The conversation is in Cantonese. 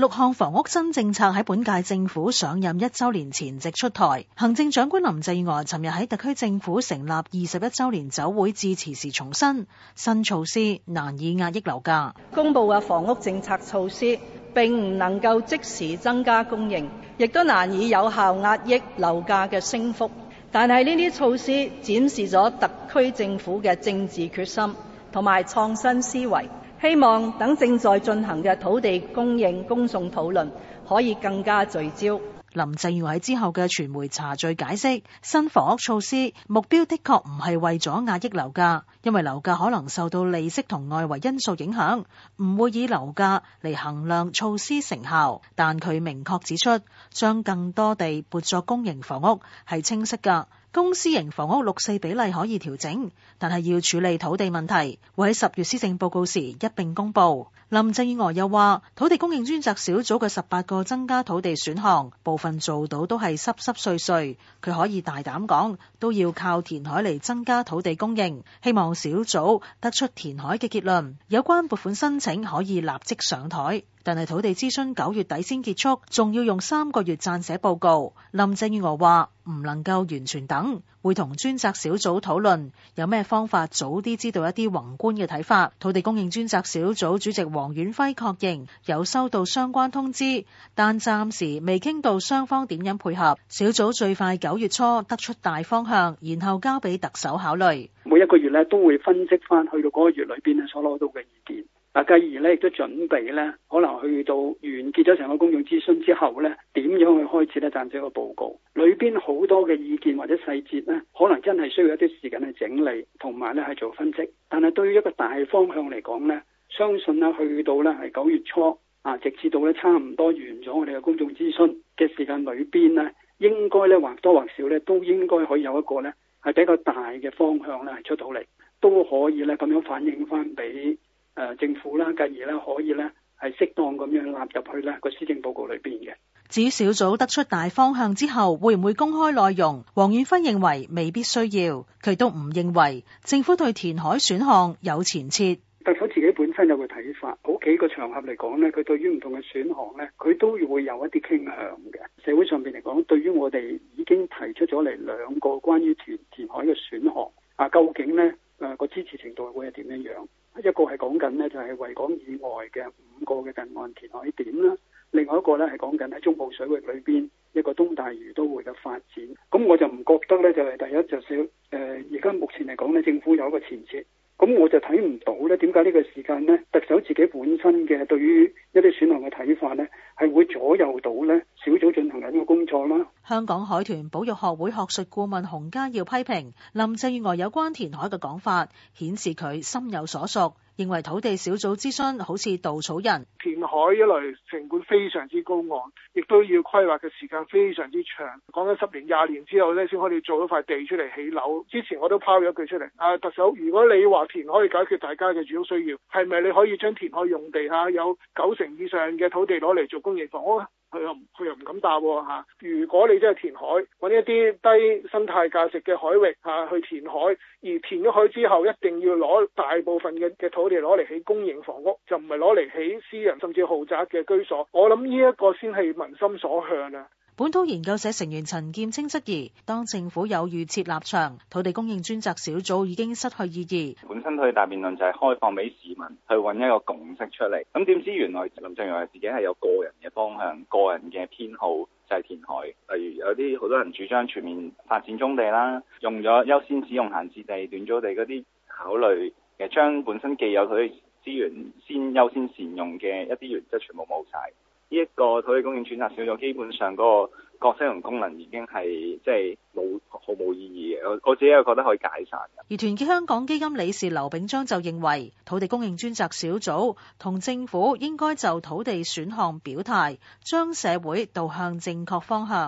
六項房屋新政策喺本屆政府上任一周年前夕出台，行政長官林鄭月娥尋日喺特區政府成立二十一週年酒會致辭時重申，新措施難以壓抑樓價。公布嘅房屋政策措施並唔能夠即時增加供應，亦都難以有效壓抑樓價嘅升幅。但係呢啲措施展示咗特區政府嘅政治決心同埋創新思維。希望等正在進行嘅土地供應公眾討論可以更加聚焦。林鄭月娥喺之後嘅傳媒茶敍解釋新房屋措施目標，的確唔係為咗壓抑樓價，因為樓價可能受到利息同外圍因素影響，唔會以樓價嚟衡量措施成效。但佢明確指出，將更多地撥作公營房屋係清晰㗎。公私營房屋六四比例可以調整，但係要處理土地問題，會喺十月施政報告時一併公布。林鄭月娥又話，土地供應專責小組嘅十八個增加土地選項，部分做到都係濕濕碎碎，佢可以大膽講，都要靠填海嚟增加土地供應。希望小組得出填海嘅結論，有關撥款申請可以立即上台。但係土地諮詢九月底先結束，仲要用三個月撰寫報告。林鄭月娥話唔能夠完全等，會同專責小組討論有咩方法早啲知道一啲宏觀嘅睇法。土地供應專責小組主席黃遠輝確認有收到相關通知，但暫時未傾到雙方點樣配合。小組最快九月初得出大方向，然後交俾特首考慮。每一個月呢都會分析翻，去到嗰個月裏邊呢所攞到嘅意見。嗱，繼而咧，亦都準備咧，可能去到完結咗成個公眾諮詢之後咧，點樣去開始咧，撰寫一個報告，裏邊好多嘅意見或者細節咧，可能真係需要一啲時間去整理，同埋咧係做分析。但係對於一個大方向嚟講咧，相信咧去到咧係九月初啊，直至到咧差唔多完咗我哋嘅公眾諮詢嘅時間裏邊咧，應該咧或多或少咧都應該可以有一個咧係比較大嘅方向咧出到嚟，都可以咧咁樣反映翻俾。誒政府啦，繼而咧可以咧係適當咁樣納入去咧個施政報告裏邊嘅。至於小組得出大方向之後，會唔會公開內容？黃遠輝認為未必需要，佢都唔認為政府對填海選項有前設。特首自己本身有個睇法，好幾個場合嚟講呢，佢對於唔同嘅選項呢，佢都會有一啲傾向嘅。社會上邊嚟講，對於我哋已經提出咗嚟兩個關於填填海嘅選項，啊，究竟呢誒、嗰個支持程度會係點樣樣？一個係講緊呢，就係維港以外嘅五個嘅近岸填海點啦，另外一個呢，係講緊喺中部水域裏面一個東大嶼都會嘅發展。咁我就唔覺得呢，就係第一，就係誒而家目前嚟講呢政府有一個前設，咁我就睇唔到呢點解呢個時間呢，特首自己本身嘅對於一啲選項嘅睇法呢，係會左右到呢。小組進行緊嘅工作啦。香港海豚保育學會學術顧問洪家耀批評林鄭月娥有關填海嘅講法，顯示佢心有所屬，認為土地小組諮詢好似稻草人。填海一來，成本非常之高昂，亦都要規劃嘅時間非常之長。講緊十年、廿年之後呢，先可以做一塊地出嚟起樓。之前我都拋咗一句出嚟，啊特首，如果你話填海以解決大家嘅主要需要，係咪你可以將填海用地下有九成以上嘅土地攞嚟做公營房屋？佢又佢又唔敢答喎、啊啊、如果你真係填海，揾一啲低生態價值嘅海域嚇、啊、去填海，而填咗海之後，一定要攞大部分嘅嘅土地攞嚟起公營房屋，就唔係攞嚟起私人甚至豪宅嘅居所。我諗呢一個先係民心所向啦、啊。本土研究社成員陳劍青質疑，當政府有預設立場，土地供應專責小組已經失去意義。本身佢大辯論就係開放俾市民去搵一個共識出嚟，咁點知原來林鄭月娥自己係有個人嘅方向、個人嘅偏好，就係填海。例如有啲好多人主張全面發展棕地啦，用咗優先使用閒置地、短租地嗰啲考慮，其實將本身既有佢資源先優先善用嘅一啲原則全部冇晒。呢一個土地供應專責小組基本上個角色同功能已經係，即係冇，毫無意義嘅，我我自己又覺得可以解散。而團結香港基金理事劉炳章就認為土地供應專責小組同政府應該就土地選項表態，將社會導向正確方向。